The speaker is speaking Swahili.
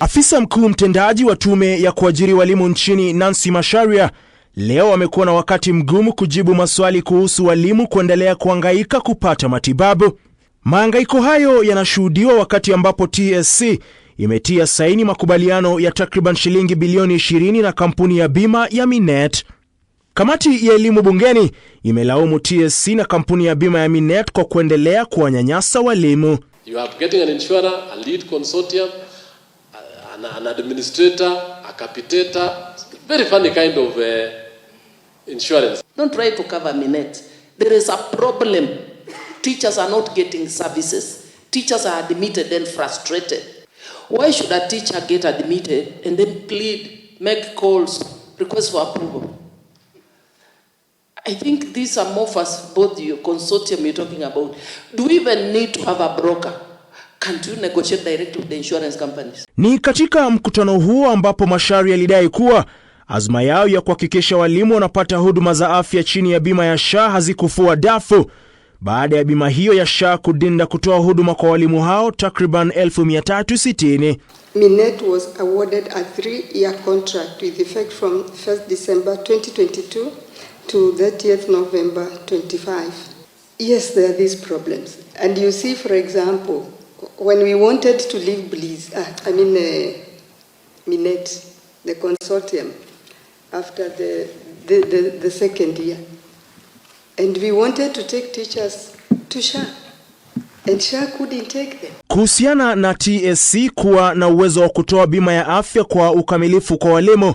Afisa mkuu mtendaji wa tume ya kuajiri walimu nchini Nancy Masharia leo amekuwa na wakati mgumu kujibu maswali kuhusu walimu kuendelea kuangaika kupata matibabu. maangaiko hayo yanashuhudiwa wakati ambapo TSC imetia saini makubaliano ya takriban shilingi bilioni 20 na kampuni ya bima ya Minet. Kamati ya elimu bungeni imelaumu TSC na kampuni ya bima ya Minet kwa kuendelea kuwanyanyasa walimu. You are getting an insurer, a lead consortium, an, an administrator, a capitator. Very funny kind of uh, insurance. Don't try to cover me There is a problem. Teachers are not getting services. Teachers are admitted and frustrated. Why should a teacher get admitted and then plead, make calls, request for approval? I think these are more for both your consortium you're talking about, do we even need to have a broker? Can't you negotiate directly with the insurance companies? Ni katika mkutano huo ambapo Macharia alidai kuwa azma yao ya kuhakikisha walimu wanapata huduma za afya chini ya bima ya SHA hazikufua dafu baada ya bima hiyo ya SHA kudinda kutoa huduma kwa walimu hao takriban 1360. Minet was awarded a three year contract with effect from 1st December 2022 to 30th November 25. Yes, there are these problems. And you see, for example, when we wanted to leave Belize, ah, I mean uh, Minet, the consortium, after the, the, the, the second year, and we wanted to take teachers to SHA. Kuhusiana na TSC kuwa na uwezo wa kutoa bima ya afya kwa ukamilifu kwa walimu